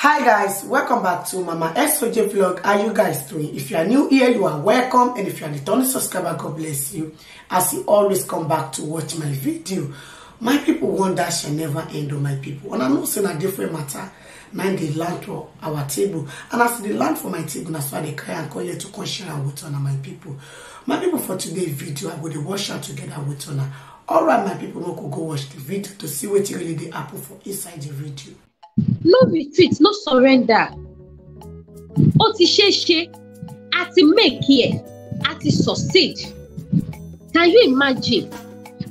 hi guys welcome back to mama soj vlog how you guys doing if you are new here you are welcome and if you are the returning subscriber god bless you as you always come back to watch my video my people wonder shall never end on oh my people and I'm not saying a different matter Mind they land for our table and as they e land for my table that's why they cry and call you to come share with honor my people my people for today's video i will to wash out together with honor all right my people no go watch the video to see what really they happen for inside the video no retreat no surrender ó ti ṣeé ṣe a ti make here, a ti succeed can you imagine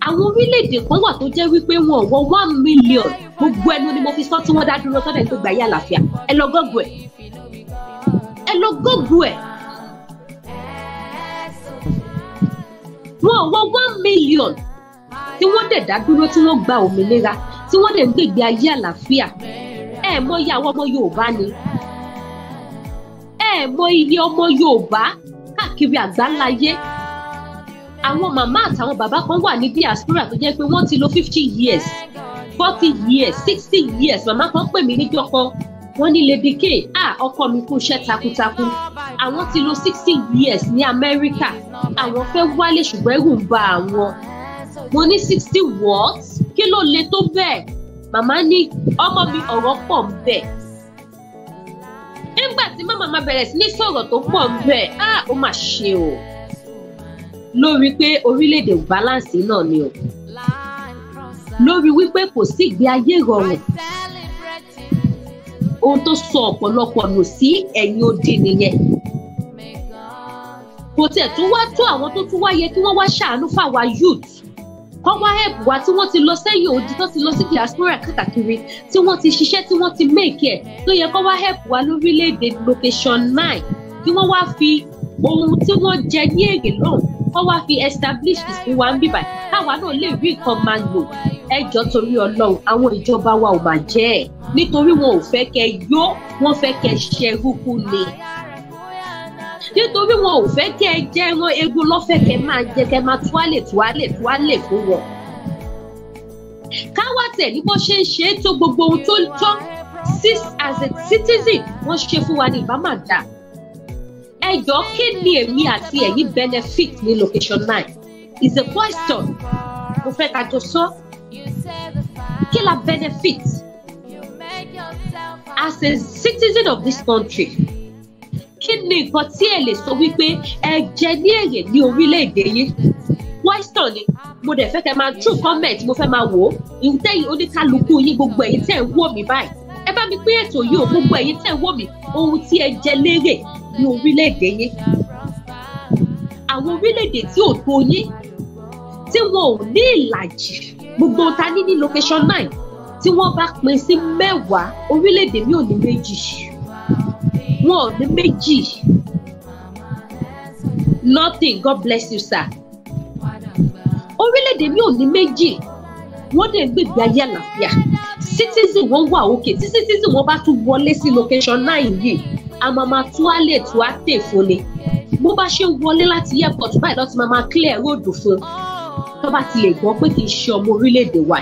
àwọn orílẹ̀-èdè kan wà tó jẹ́ wípé wọn wọ one million gbogbo ẹnu ni mo fi sọ tí wọ́n dá dúró tọ́lẹ̀ tó gbà yé àlàáfíà ẹ lọ gọ́gù ẹ̀ ẹ lọ gọ́gù ẹ̀ wọn wọ one million tí wọ́n dẹ̀ dá dúró tí wọ́n gba òmìnira tí wọ́n dẹ̀ ń gbègbè ayé àlàáfíà ẹ mọyì àwọn ọmọ Yorùbá ni ẹ mọ iye ọmọ Yorùbá káàkiri àgbáńláyé àwọn màmá àtàwọn bàbá kan wà ní diaspora tó jẹ́ pé wọ́n ti lo fifty years forty years sixty years màmá kan pè mí níjọ́ kan wọ́n ní Lady K ah ọkọ mi kú iṣẹ́ takuntakun àwọn ti lo sixty years ní Amẹ́ríkà àwọn fẹ́ wálé ṣùgbọ́n ẹ̀rù ń ba àwọn mo ní sixty what kí ló le tó bẹ́ẹ̀ màmá ní ọmọ mi ọ̀rọ̀ pọ̀ ń bẹ̀ nígbà tí màmá máa bẹ̀rẹ̀ sí ní sọ̀rọ̀ tó pọ̀ ń bẹ̀ á ó mà ṣe o lórí pé orílẹ̀-èdè balance náà ni o lórí wípé kò sí ìgbé ayé rọrùn ohun tó sọ ọ̀pọ̀lọpọ̀ nù sí ẹ̀yìn odi nìyẹn kò tiẹ̀ tún wá tó àwọn tó tún wá kí wọ́n wá ṣàánú fáwa youth wá help wa tí wọ́n ti lọ sẹ́yìn òdi tó ti lọ sí diaspora kàtàkiri tí wọ́n ti ṣiṣẹ́ tí wọ́n ti make ẹ̀ tó yẹ kó wá help wa lórílẹ̀‐èdè location nine kí wọ́n wá fi ohun tí wọ́n jẹ ní èrè náà wọ́n wá fi establish ìsìn wa ń bíbà káwa náà lè rí nǹkan máa lò ẹjọ́ torí ọlọ́run àwọn ìjọba wa ò bàjẹ́ nítorí wọn ò fẹ́ kẹ́ yó wọ́n fẹ́ kẹ́ ṣerúkú ni nítorí wọn ò fẹ́ kẹ́ ẹ jẹ́ ẹran egun lọ́fẹ̀ẹ́ kẹ́ máa jẹ kẹ́ máa tuálè tuálè tuálè fún wọn. káwá tẹ̀ ní bó ṣe ń ṣe é tó gbogbo ohun tó tọ́ as a citizen wọ́n ṣe fún wa ní ìbámu àdá ẹjọ́ kí ni èmi àti ẹ̀yin benefit ní location nine is a question mo fẹ́ ká tó sọ kí la benefit as a citizen of this country kí ni nǹkan tí ẹ lè sọ wípé ẹ jẹ ní èrè ní orílẹ̀-èdè yín question ni mo dẹ̀ fẹ́ kẹ́ máa true comment mo fẹ́ máa wò ó ìtẹ́yìn oníkálukú yín gbogbo ẹ̀yin tẹ̀ ń wò mí báyìí ẹ bá mi pín ètò yìí o gbogbo ẹ̀yin tẹ̀ ń wò mí ohun tí ẹ jẹ lérè ní orílẹ̀-èdè yín àwọn orílẹ̀-èdè tí ò tó yín tí wọn ò ní ìlàjì gbogbo ta ní ní location nine tí wọ́n bá pín sí mẹ́wàá orílẹ̀-èdè mi ò ní méjì yìí one ní méjì nothing god bless you sir orílẹ̀-èdè mi ò ní méjì wọ́n dẹ̀ gbègbè ayé àlàáfíà citizen wọn wà òkè tí citizen wọn bá tún wọlé sí location nine yìí a máa máa tú á lè tú á tè fún ni bó bá ṣe ń wọlé láti airport báyìí lọ́ọ́ ti máa máa clear road fún tó bá ti gbọ́ pé kì í ṣe ọmọ orílẹ̀-èdè wa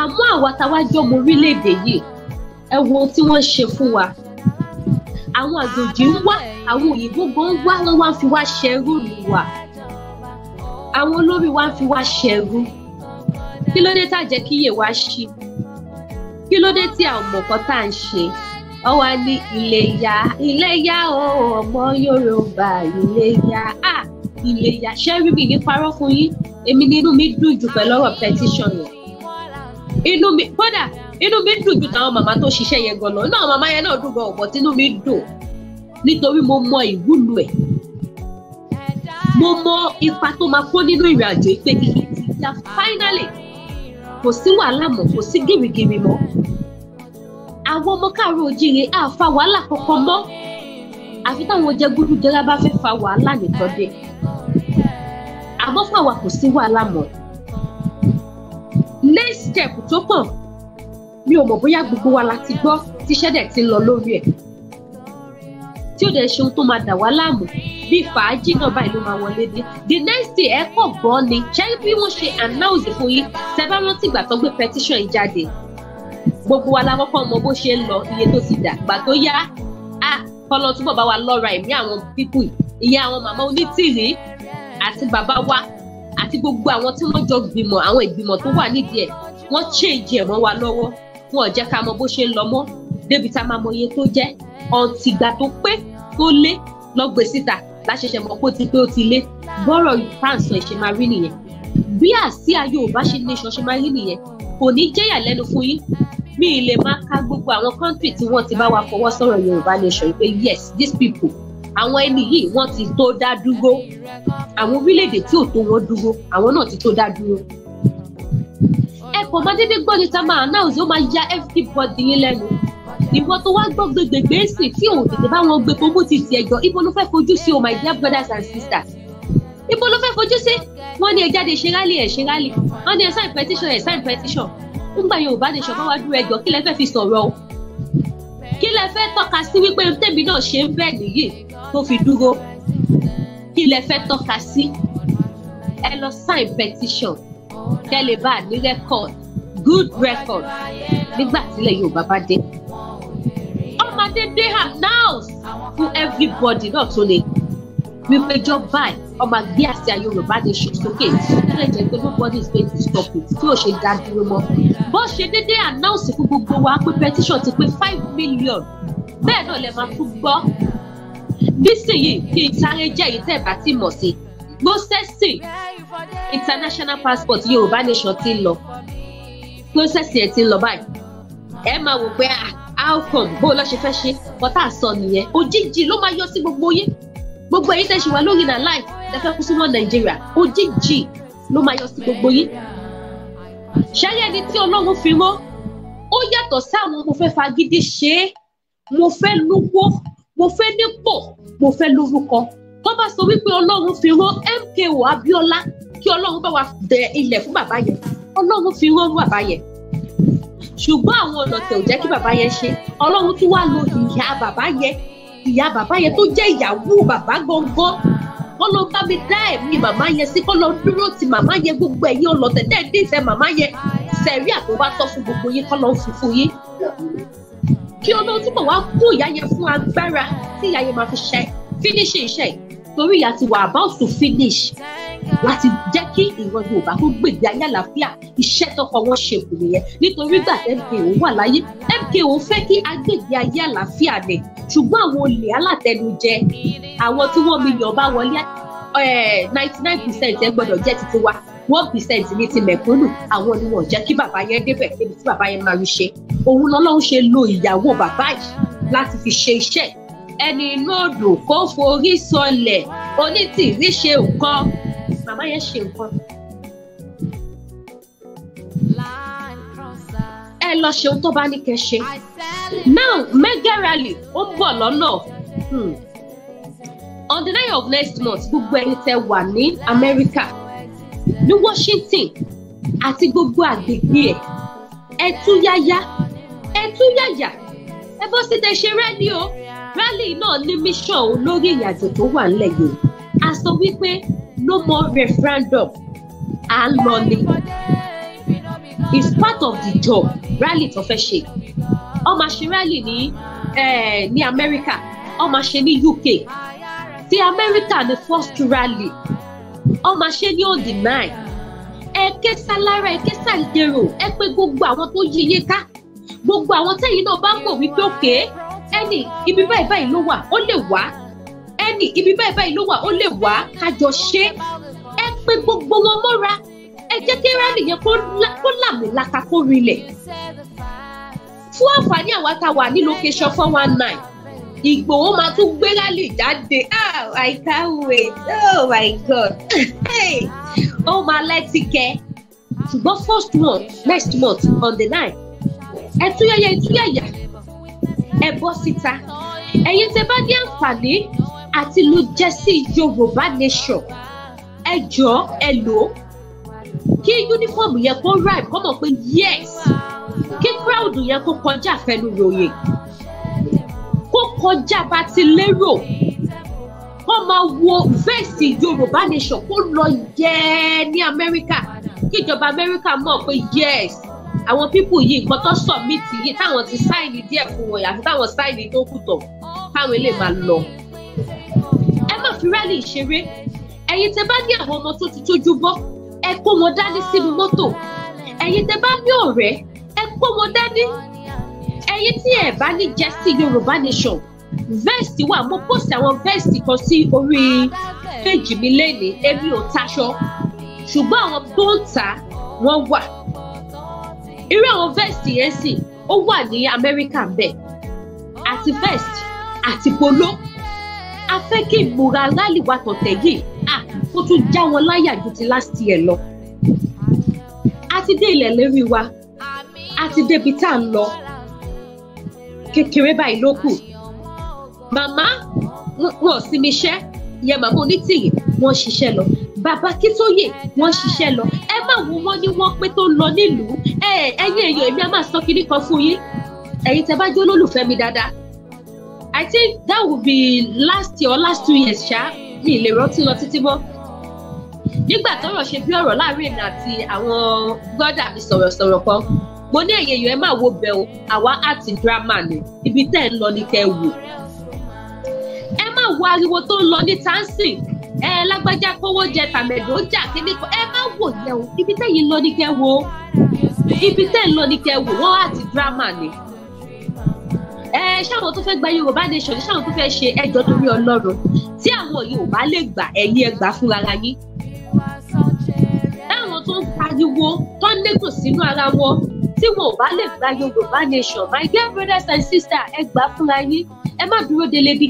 àmọ́ àwa táwa jọ ọmọ orílẹ̀-èdè yìí ẹ wo tí wọ́n ṣe fún wa àwọn àjòjì ń wá àwọn òyìnbó gan wá wọn wá fi wá ṣẹrú lù wá àwọn olórí wa ń fi wá ṣẹrú kí ló dé tá jẹ́ kí yè wá ṣí kí ló dé tí a ò mọ̀kọ́ tá à ń ṣe ọwọ́ ní iléyá iléyá o ọmọ yorùbá iléyá a iléyá ṣẹ́rí mi ní parọ́ fún yín èmi ni inú mi dùn jù pẹ̀lú ọ̀rọ̀ petition yẹn inú mi kódà inú mi dùn ju tàwọn màmá tó ṣiṣẹ́ yẹn gan lọ inú àwọn màmá yẹn náà dùn gan ọ̀pọ̀ tínú mi dùn nítorí mo mọ ìwúlò ẹ̀ mo mọ ipa tó máa kó nínú ìrìn àjò pé iye ti ya finally kò sí wàhálà mọ́ kò sí gìrìgìrì mọ́ àwọn ọmọ káàárọ̀ oòjíire á fa wàhálà kankan mọ́ àfi táwọn jẹgúdújẹrá bá fẹ́ fa wàhálà nìkan dé àmọ́ fáwa kò sí wàhálà mọ́ next step tó kàn mi ò mọ̀ bóyá gbogbo wa la ti gbọ́ tí ṣẹ́dẹ̀ ti ń lọ lórí ẹ̀ tí ò dẹ̀ ṣe tó máa dà wá láàmú bí fàájì náà báyìí ló máa wọlé dé the next day ẹ kọ̀ gbọ́ ni ṣé bí wọ́n ṣe announce fún yín sẹ́fẹ́ rántí ìgbà tó gbé petition yìí jáde gbogbo wa la kọ́kọ́ mọ bó ṣe ń lọ iye tó ti dà gbà tó yá a kọ́lọ́ túbọ̀ bá wa lọ́ra ẹ̀mí àwọn pípù ìyá àwọn màmá onítìrí àti bàbá wa àti gbogbo àwọn tí wọ́n jọ gbìmọ̀ àwọn ìgbìmọ̀ tó wà nídìí ẹ̀ wọ́n change ẹ̀ mọ́ wa lọ́wọ́ wọn ò jẹ́ ká mọ bó ṣe ń lọ mọ́ débi tá a máa mọ iye tó jẹ́ ọ̀ǹtìgbà tó pé tó lé lọ́gbẹ̀ síta láṣẹṣẹ mọ̀ pé ó ti pé ó ti lé bọ́rọ̀ fáǹsọ̀ ìṣe máa rí nìyẹn bí àsíá Yorùbá ṣe nation ṣe máa rí nìyẹn kò ní jẹ́ ìyàlẹ́nu fún yín mi ì lè máa ka gbogbo àwọn country tí wọ́n ti bá wa fọwọ́ sọ̀rọ̀ Yorùbá nation pé yes these people àwọn ẹni yìí wọ́n ti tó dá dúró àwọn orílẹ̀-èdè tí ò tó wọn dúró àwọn náà ti tó dá dúró kò máa dédé gbọ́ ní tamá announce ó máa ya everybody yín lẹ́nu ìwọ tó wá gbọ́ gbẹgbẹgbẹ sí tí òun tètè bá wọn gbé pomú ti tiẹ̀ jọ ibo ló fẹ́ fojú sí o oh my dear brothers and sisters ibo ló fẹ́ fojú sí wọ́n ní ẹ jáde ṣe rálì ẹ̀ ṣe rálì wọ́n ní ẹ sign petition ẹ̀ sign petition ńgbà Yorùbá nation bá wá dúró ẹjọ́ kí lẹ fẹ́ fi sọ̀rọ̀ o kí lẹ fẹ́ tọ́ka sí wípé tèmi náà ṣe ń bẹ́ẹ̀ nìyí tó fi dúró kí lẹ fẹ́ tọ́ka sí ẹ lọ sign petition kẹ́lẹ́ bá ní record good record nígbà tílẹ̀ Yorùbá bá dé ọmọdé dey announce fún everybody náà tó lè wípéjọ báyìí ọmọ àgbé àti Yorùbá lè ṣe sókè tẹ́lẹ̀ jẹ́ pé nobody is going to stop it tí ò ṣe dá dúró mọ́ bó ṣe déédéé announce fún gbogbo wa pé petition ti pé five million bẹ́ẹ̀ náà lè máa tún gbọ́ nísìnyí kí n sáré jẹ́ èyí tẹ́ ẹ̀ bá ti mọ̀ sí gbósẹ́sìn international passport yorùbá nation ti lọ process yẹn ti lọ báyìí ẹ máa wò pé how come bó lọ ṣe fẹ́ ṣe kọ́tà sọ nìyẹn òjijì ló máa yọ sí gbogbo yín gbogbo èyí tẹ̀ ṣe wá lórí náà láì tẹ fẹ́ kú sínú nàìjíríà òjijì ló máa yọ sí gbogbo yín ṣẹ́yẹ́ ẹni tí ọlọ́run fi rán ó yàtọ̀ sáwọn mo fẹ́ fagídí ṣe é mo fẹ́ lówó mo fẹ́ nípò mo fẹ́ lórúkọ tó bá sọ wípé ọlọ́run fi rán MKO Abiola kí ọlọ́run bá wa dẹ ilẹ̀ fún bàbá yẹn ọlọ́run fi rán bàbá yẹn ṣùgbọ́n àwọn ọlọ́tẹ̀ ò jẹ́ kí bàbá yẹn ṣe ọlọ́run tún wá lo ìyá bàbá yẹn ìyá bàbá yẹn tó jẹ́ ìyàwó bàbá gangan wọ́n ló bá mi dá ẹ̀mí màmá yẹn sí kọ́ lọ dúró ti màmá yẹn gbogbo ẹ̀yin ọlọ́tẹ̀ dẹ́ẹ̀ nífẹ̀ẹ́ màmá yẹn sẹ̀rí àtọ́wá tọ́ fún gbogbo yín kọ́ lọ fún fún yín kí ọlọ́run túbọ̀ wá kó ìyá yẹn fún agbára tí ìyá yẹn máa fi ṣe finish iṣẹ́ torí ìyá ti wà about to finish láti jẹ́ kí ìran yorùbá kó gbèdé ayé àlàáfíà iṣẹ́ tọkọ wọn ṣe kù nìyẹn nítorí gbà MKO wà láyé MKO fẹ́ kí agbègbè ayé àlàáfíà nì ṣùgbọ́n àwọn olè alátẹnujẹ àwọn tí wọ́n mi yàn bá wọlé ninety nine percent ẹ gbọ́dọ̀ jẹ́ ti wa one percent ní ti mẹ̀kúnnù àwọn ni wọ́n jẹ́ kí bàbá yẹn débẹ̀ débi tí bàbá yẹn máa rí ṣe òun lọ́lọ́run ṣe lo ìyàwó bàbá yìí láti fi ṣe iṣẹ́ ẹni inú odò kó forí sọlẹ̀ onítìrí ṣe nǹkan bàbá yẹn ṣe nǹkan. ẹ lọ ṣe tó bá ní kẹ́ ṣe now mega rally ó ń bọ̀ lọ́nà hmm. on the night of next month gbogbo ẹni tẹ́ wà ní America ní Washington àti gbogbo àgbègbè ẹ̀ ẹ tú yáyá ẹ tú yáyá ẹ bó ṣe tẹ ṣe rẹ́ni o rally náà ní mission olórí ìrìnàjò tó wà nílẹ̀ yìí a sọ wípé no more referendum and money. lọ it's part of the job rally to fẹ́ ṣe ọmọ ṣe rally ní eh, ní America ọmọ ṣe ní UK ti America ni first rally ọmọ ṣe ní òdì nine ẹ ké sálára ẹ ké sàlérò ẹ pé gbogbo àwọn tó yí iye ká gbogbo àwọn tẹ́yìn náà bá mọ̀ wípé òkè ẹnì ibi báyìí báyìí ló wà ó lè wá ẹnì ibi báyìí báyìí ló wà ó lè wá kájọ ṣe ẹ pé gbogbo wọn mọ́ra ẹ jẹ́ kí rálì yẹn kó làmìlaka kó rinlẹ̀ fún àǹfààní àwa tá a wà ní location four one nine Ìgbòho máa tún gbé rálì jáde oh I can't wait oh my God oh ó máa lẹ́tí kẹ́ ṣùgbọ́n first month next month on the nine ẹ tún yẹyẹ ẹ bọ́ síta ẹ̀yin tẹ́ bá ní àǹfààní àti ló jẹ́ sí Yorùbá nation ẹ jọ ẹ lò ó kí yúnífọ́ọ̀mù yẹn kó rhyme kó mọ̀ pé yes kí crowd yẹn kó kọjá àfẹnuyòyè kó kọjá bá ti lérò kó máa wo vẹ́ẹ̀sì Yorùbá nation kó lọ yẹ ní Amẹ́ríkà kí ìjọba Amẹ́ríkà mọ̀ pé yes àwọn pípù yìí nǹkan tó submit yìí táwọn ti sáìnì díẹ̀ fún wọn yàtọ̀ táwọn sáìnì tó kù tọ̀ káwọn eléyìí máa lọ fi rálì ìṣeré ẹ̀yin tẹ́ bá ní àwọn ọmọ tó ti tójú bọ́ ẹ kó wọn dání sínú mọ́tò ẹ̀yin tẹ́ bá ní ọ̀rẹ́ ẹ kó wọn dání ẹ̀yin tí ẹ bá ní jẹ́ Yorùbá Nation vest wà mo post àwọn vest kan sí orí péjì mi lẹ́nìí èmi ò taṣọ ṣùgbọ́n àwọn tó ń tà wọ́n wà irú àwọn vest yẹn sì ó wà ní Amẹ́ríkà bẹ́ẹ̀ àti vest àti polo a fẹ́ kí ìgbòra rálì wa tọ̀tẹ̀ yìí à kó tún já wọn láyà ju ti last year lọ. a ti dé ilẹ̀ lérí wa a ti débi tá à ń lọ kékeré báyìí ló kù. màmá wọn ò sinmi iṣẹ́ ìyẹn màmá onítìrì wọ́n ṣiṣẹ́ lọ bàbá kítóyè wọ́n ṣiṣẹ́ lọ ẹ má wo wọ́n ní wọ́n pé tó lọ nílùú ẹ̀yin èèyàn èmi á máa sọ kinní kan fún yín ẹ̀yin tẹ́ bá jó lólùfẹ́ mi dáadáa I think that would be last year or last two years ṣá mi lè rántí lọ títí mọ́ nígbà tọ́rọ̀ ṣe bí ọ̀rọ̀ láàrin èmi àti àwọn bọ́dà mi sọ̀rọ̀sọ̀rọ̀ kan mo ní ẹ̀yẹ yẹn máa wo bẹ̀ o àwa àti drama ni ibi tẹ́ ẹ̀ ń lọ ní kẹ́ ẹ wò ẹ má wo ariwo tó ń lọ ní tansin ẹ lágbájá kówó jẹ tàmẹ̀dò ó jà kíní kan ẹ má wò yẹn o ibi tẹ́ yìí ń lọ ní kẹ́ ẹ wò ibi tẹ́ ẹ̀ ń lọ ní kẹ́ wò wọ́n àti drama ni ẹ ṣáwọn tó fẹ́ gba yorùbá nation ṣáwọn tó fẹ́ ṣe ẹjọ́ torí ọlọ́run tí àwọn yorùbá lè gbà ẹ̀yìn ẹgbàá fúnra yín táwọn tó ń pariwo tó ń lẹ́gùn sínú ara wọn tí wọn ò bá lè gba yorùbá nation my dear brothers and sisters ẹ gbà fúnra yín ẹ má dúró de Lebí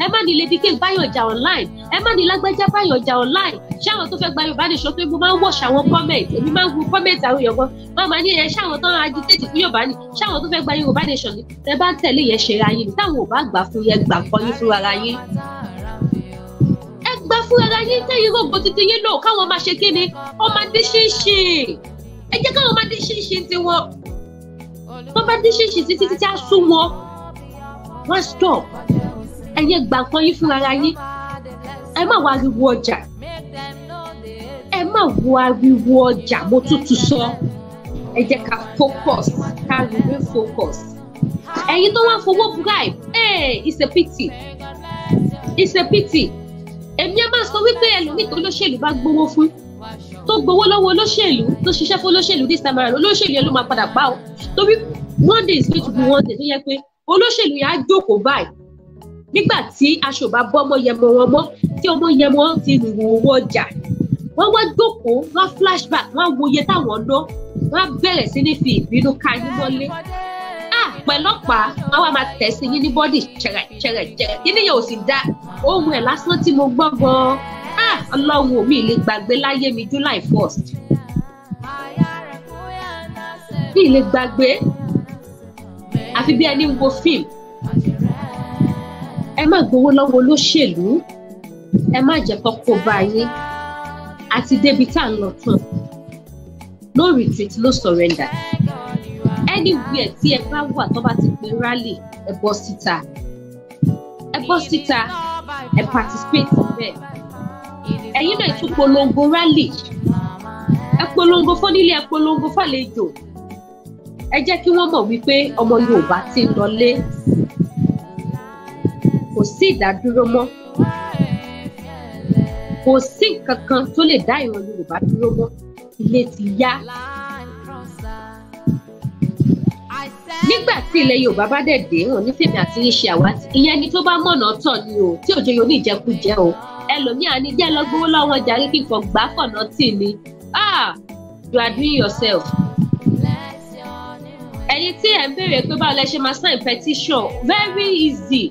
ẹ má ní lady cake báyọ̀ jà online ẹ má ní lágbájá báyọ̀ jà online ṣáwọn tó fẹ́ gba yorùbá ní sọ pé mo máa ń wọ̀ṣ àwọn comment èmi máa ń wo comment àwọn èèyàn gan wọn máa ní ẹ ṣáwọn tó ń agitate fún yorùbá ní ṣáwọn tó fẹ́ gba yorùbá nation ní tẹ bá ń tẹ̀lé yẹn ṣe ra yín ní táwọn ò bá gbà fún yẹn gbà kọ́ yín fúnra ra yín ẹ gbà fúnra ra yín tẹ́yìn rògbò títí yín lò káwọn máa ṣe kí ni ọmọdé ṣinṣin ẹ jẹ́ káwọn máa dín ṣinṣin tiwọn tó bá dín ṣinṣin títí títí á sún wọn wọ́n stop ẹ̀yin gbà nǹkan yín fúnra yín ẹ má wá ariwo ọjà ẹ má wo ariwo ọjà mo tútù sọ ẹ jẹ́ ká focus ká remain focus ẹ̀yin tó wá fowó bribe ẹ̀ it's a pity it's a pity èmi ẹ máa sọ wípé ẹlòmíì tó lóṣèlú bá gbowó fún tó gbowó lọ́wọ́ olóṣèlú tó ṣiṣẹ́ fún olóṣèlú this time around olóṣèlú yẹn ló máa padà gbá o torí one day is going to be one day tó yẹ pé olóṣèlú yẹn á jókòó báyìí nígbà tí aṣọ bá bọ́ ọmọ yẹmọ wọn mọ́ tí ọmọ yẹmọ ti wò wọ ọjà wọ́n wá jókòó wọ́n flashback wọ́n wo iye táwọn ná wọ́n bẹ̀rẹ̀ sí ní fi ìbínú ka yín mọ́lé pẹ̀lọ́pàá wọ́n wá máa tẹ̀ sí yín ní bọ́dì jẹ̀rẹ̀jẹ̀rẹ̀ kíní yẹn ò sì da ohun ẹ̀ lásán tí mo gbọ́ gan-an ọlọ́run mi lè gbàgbé láyé mi July first mi lè gbàgbé àfi bí ẹni wo fíìmù ẹ má gbowó lọ́wọ́ olóṣèlú ẹ má jẹ́ kọ́kọ́ bá yín àti débi tá à ń lọ tán no retreat no surrender anywhere tí ẹ bá wà tó bá ti pè rally ẹ bọ́ síta ẹ bọ́ síta ẹ participate bẹ́ẹ̀ ẹ̀yin náà tún polongo rally ẹ polongo fọ́nílé ẹ polongo fàlejò ẹ jẹ́ kí wọ́n mọ̀ wípé ọmọ Yorùbá ti ń lọlé sí ìdádúró mọ́ kò sí nǹkan kan tó lè dá ìran Yorùbá dúró mọ́ ilé ti yá nígbà tí ilẹ̀ Yorùbá bá dẹ̀ dé hàn ní fèmí àti iṣẹ́ àwátì ìyẹn ni tó bá mọ̀nà tọ̀ ni o tí òjò yóò ní ìjẹkújẹ o ẹlòmíà ni jẹ́ lọ gbowó lọ́wọ́ jàre kí n kàn gbá kànáà tì ni ah you are doing yourself ẹ̀yin tí ẹ̀ ń béèrè pé báwo lẹ ṣe máa sign petition very easy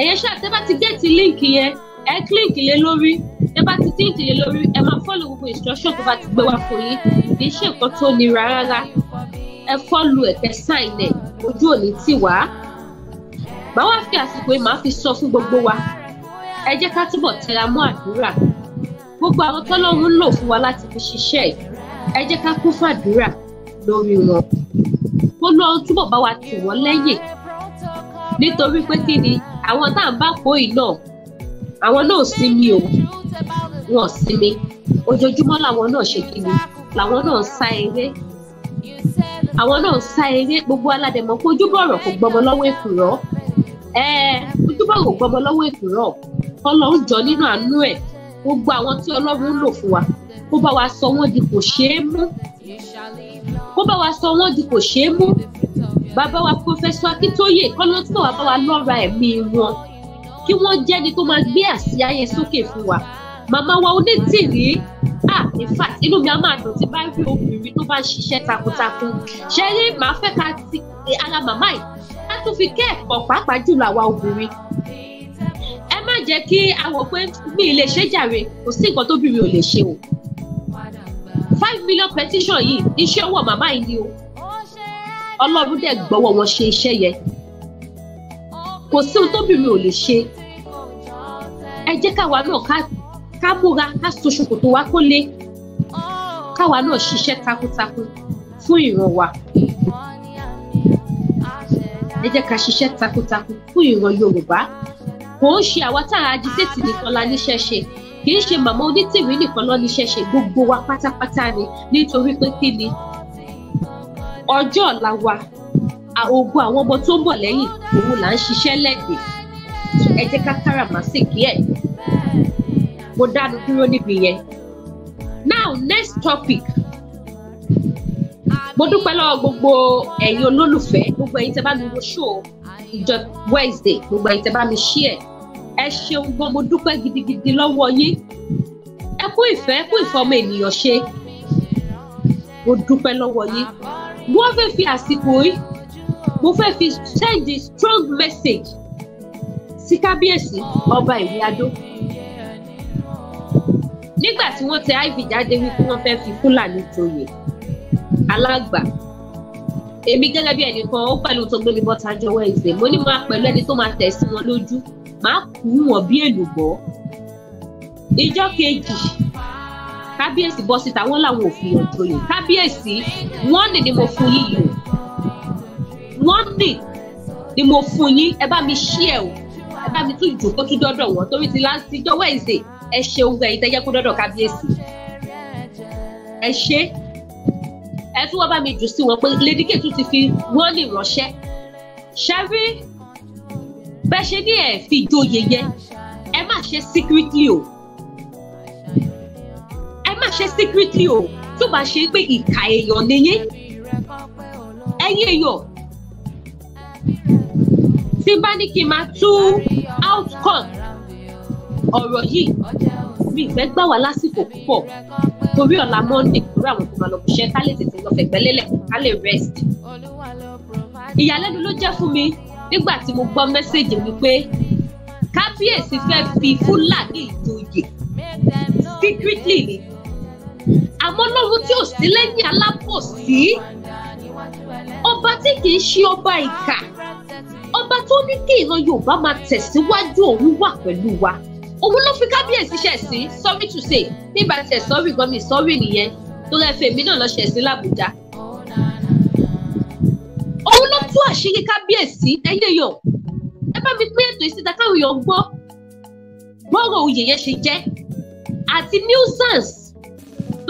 ẹ̀yẹ ṣáà tẹ́ bá ti gẹ̀ẹ́tì líǹkì yẹn ẹ kílíǹkì lé lórí ẹ bá ti kílíǹkì lé lórí ẹ máa fọ́lù gbogbo instruction tó bá ti gbé wa fún yín kì í ṣe nǹkan tó nira rárá ẹ fọ́lù ẹ̀kẹ́ sáìn ẹ̀ ojú ò ní tì wá. bá wá fi àsìkò yìí máa fi sọ fún gbogbo wa ẹ jẹ́ ká túbọ̀ tẹra mọ́ àdúrà gbogbo àwọn tọ́lọ́run ń lò fún wa láti fi ṣiṣẹ́ yìí ẹ jẹ́ ká kún fàdúrà lórí wọn kó lọ́ọ́ túbọ̀ bá wa tì wọ́n lẹ́yìn nítorí pé kí ni àwọn tá à ń bá kó yìí náà àwọn náà sinmi o wọn sinmi ojoojúmọ́ làwọn náà ṣe kíni làwọn náà sá eré àwọn náà sá eré gbogbo aládẹ̀mọ́ kó ojúbọ̀rọ̀ kò gbọmọ lọ́wọ́ èkùrọ́ ẹ̀ẹ́ ojúbọ̀rọ̀ kò gbọmọ lọ́wọ́ èkùrọ́ ọlọ́run jọ nínú àánú ẹ̀ gbogbo àwọn tí ọlọ́run ń lò fún wa kó bá wa sọ wọ́n di kò ṣeé mú kó bá wa sọ wọ́n di kò ṣeé mú bàbá wa pọfẹsọ akíntóye kọlọtọ bàbá wa lọra ẹ̀mí wọn kí wọ́n jẹ́ni tó máa gbé àsíá yẹn sókè fún wa màmá wa onítìrí ah in fact inú mi á máa dùn tí bá rí obìnrin tó bá ń ṣiṣẹ́ takuntakun ṣe rí màá fẹ́ ká ti ara màmá yìí ká tún fi kẹ́ẹ̀kọ́ pàápàá jùlọ àwa obìnrin ẹ má jẹ́ kí àwọn pé mi lè ṣe jàre kò sí nǹkan tóbìnrin ò lè ṣe o five million petition yìí iṣẹ́ ọwọ́ màmá yìí ni o ọlọ́run dẹ̀ gbọ́wọ́ wọn ṣe iṣẹ́ yẹn kò sí ohun tóbìnrin ò lè ṣe ẹ jẹ́ káwa náà ká múra ká soṣokòtò wa kó lé káwa náà ṣiṣẹ́ takuntakun fún ìran wa ẹ jẹ́ ká ṣiṣẹ́ takuntakun fún ìran Yorùbá kò ń ṣe àwa tá a agitate nìkan la níṣẹ́ ṣe kì í ṣe màmá onítìrí nìkan lọ níṣẹ́ ṣe gbogbo wa pátápátá ni nítorí pé kí ni ọjọ́ ọ̀la wa ogun àwọn ọmọ tó ń bọ̀ lẹ́yìn òun là ń ṣiṣẹ́ lẹ́gbẹ̀ẹ́ ẹ jẹ́ ká káràmásìkí ẹ̀ mo dánu dúró níbi yẹn now next topic mo dúpẹ́ lọ́wọ́ gbogbo ẹ̀yin olólùfẹ́ gbogbo ẹ̀yin tẹ́ bá mi wo show ìjọ Wednesday gbogbo ẹ̀yin tẹ́ bá mi share ẹ ṣeun gan mo dúpẹ́ gidigidi lọ́wọ́ yín ẹ kú ìfẹ́ kú ìfọmọ ènìyàn ṣe mo dúpẹ́ lọ́wọ́ yín mo fẹ́ fi àsìkò yìí mo fẹ́ fi send a strong message sí kábíyèsí ọba ìwé adó nígbà tí wọ́n tẹ iv jáde wípé wọ́n fẹ́ fi fúlàní joyè alágbà èmi gẹ́gẹ́ bí ẹnìkan ó pẹ̀lú tó gbé mi bọ́ tájọ́ wẹ́ẹ̀sì mo ní máa pẹ̀lú ẹni tó máa tẹ̀sí wọn lójú máa kú wọn bí èlùbọ́ ìjọ́ kejì kábíyèsí bọ́ síta wọ́n làwọn ò fi ọjọ́ yìí kábíyèsí wọ́n nì ni mo fún yín yìí wọ́n nì ni mo fún yín ẹ bá mi ṣí ẹ o ẹ bá mi tún ìjókòó tún dọ́dọ̀ wọ́n torí ti láti jọ wẹ́ǹsì ẹ ṣe ogun ẹ̀yin tẹ́jẹ́ kó dọ́dọ̀ kábíyèsí ẹ ṣe ẹ tún wọ́n bá mi jù sí wọn pé lédíkè tún ti fi wọ́n nì ránṣẹ́ ṣẹ́rí bẹ́ẹ̀ ṣe ní ẹ̀ fi ìjòyè yẹn ẹ má ṣe secretly o ṣe secretly o tó bá ṣe pé ìkà èèyàn nìyẹn ẹ̀yin èèyàn tí bá ní kí n máa tú outcome ọ̀rọ̀ yìí mi ìfẹ́ gbà wá lásìkò púpọ̀ torí ọ̀la monday torí àwọn tó máa lọ bùṣẹ́ ká lè tètè lọ fẹ̀gbẹ́ lélẹ̀ ká lè rest. ìyàlẹ́nu ló jẹ́ fún mi nígbà tí mo gbọ́ mẹ́sẹ̀gì mi pé kábíyèsí fẹ́ fi fúlàní ìjòyè secretly ni àmọ́ lọ́run tí ò sí lẹ́yìn alábòsí ọba tí kì í ṣe ọba ìkà ọba tó ní kí ìran Yorùbá máa tẹ̀síwájú òun wà pẹ̀lú wa òun ló fi kábíyèsí ṣẹ̀ sí sorry to say nígbà tẹ̀ sorry gan mi sorry nìyẹn tó rẹ́ fẹ́ mi náà lọ ṣẹ̀ sí làbújá òun ló tú àṣírí kábíyèsí ẹyẹ yọ ẹ bá mi pín ètò ìsìta káwọn èèyàn gbọ́ gbọ́rọ̀ oyè yẹn ṣe jẹ́ àti nuisance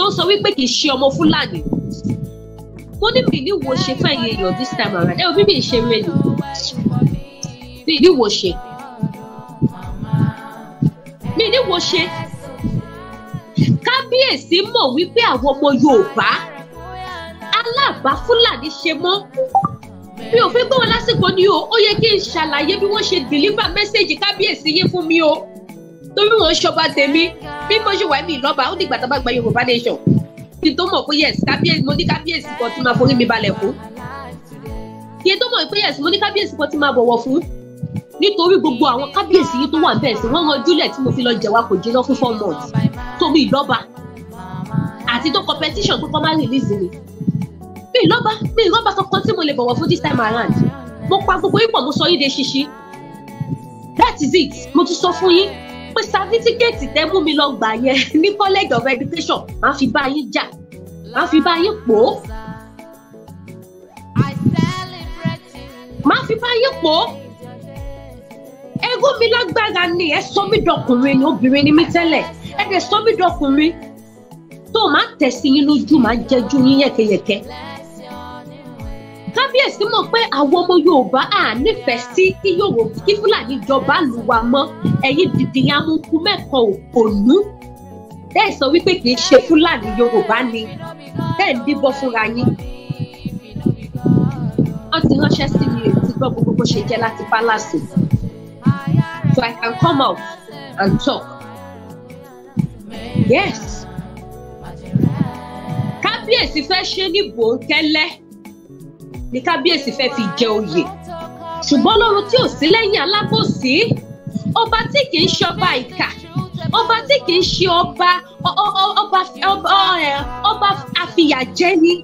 tó sọ wípé kì í ṣe ọmọ Fúlàní mo ní mi ní wo ṣe fún ẹ̀yin èèyàn this time around ẹ ò bí mi ṣe rẹ nì mi ní wo ṣe mi ní wo ṣe kábíyèsí mọ̀ wípé àwọn ọmọ Yorùbá aláàbá Fúlàní ṣe mọ́ mi ò fi gbọ́ wọn lásìkò ni o ó yẹ kí n ṣàlàyé bí wọ́n ṣe deliver message kábíyèsí yé fún mi o torí wọn ṣọba tèmi bí mo ṣe wà mí lọ́ba ó dìgbà tá a bá gba yorùbá nation kí n tó mọ̀ pé yes kábíyèsí mo ní kábíyèsí kan tí máa forí mi balẹ̀ fún kí n tó mọ̀ pé yes mo ní kábíyèsí kan tí máa bọ̀wọ̀ fún nítorí gbogbo àwọn kábíyèsí yìí tó wà bẹ́ẹ̀ sí wọ́n ran júlẹ̀ tí mo fi lọ jẹ̀wá kò jiná fún four months torí ìlọ́ba àti tó competition tó kọ́ máa release mi mi ìlọ́ba mi ìlọ́ba kankan tí mo lè bọ̀wọ̀ fún this time around mo pa gbogbo ipò mo sọ yín de ṣíṣí that is it mo tún sọ fún yín pé sáfítíkẹ́ẹ̀tì tẹ́ mú mi lọ gbà yẹn ní college of education máa fi bá yín jà máa fi bá yín pò ó. máa fi bá yín pò ó. egún mi lágbára ni ẹ sọ mí dọkùnrin ni obìnrin ni mí tẹ́lẹ̀ ẹ dẹ̀ sọ mí dọkùnrin tó máa tẹ̀sí yín lójú máa jẹ́jú yín yẹ̀kẹ̀yẹ̀kẹ̀ kábíyèsí mọ̀ pé àwọn ọmọ yorùbá à nífẹ̀ẹ́ sí kí yorùbá kí fúlàní jọba lù wá mọ́ ẹ̀yin dìdì amúkú mẹ́kọ̀ọ́ òpònú bẹ́ẹ̀ sọ wípé kì í ṣe fúlàní yorùbá ni bẹ́ẹ̀ ń díbọ́ fúnra yín wọ́n ti ránṣẹ́ sí mi ètí gbọ́ gbogbo bó ṣe jẹ́ láti pálásì so I can come out and talk yes kábíyèsí fẹ́ ṣe ní bòńkẹ́lẹ́ ni kábíyèsí fẹ́ fi jẹ oyè ṣùgbọ́n lọ́run tí ò sí lẹ́yìn alábòsí ọba tí kì í ṣe ọba ìkà ọba tí kì í ṣe ọba ọba àfìyàjẹni.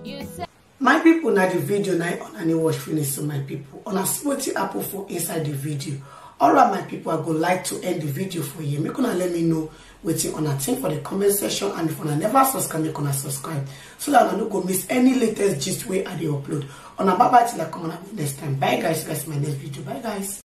my people, na the video na una new watch finish so my pipo una see wetin happen for inside the video all right my people, i go like to end the video for here make una let me know wetin una think for the comment section and if una never subscribe make una subscribe so that una don't go miss any latest gist way i dey upload una bye bye till i come on next time bye guys guys my next video bye guys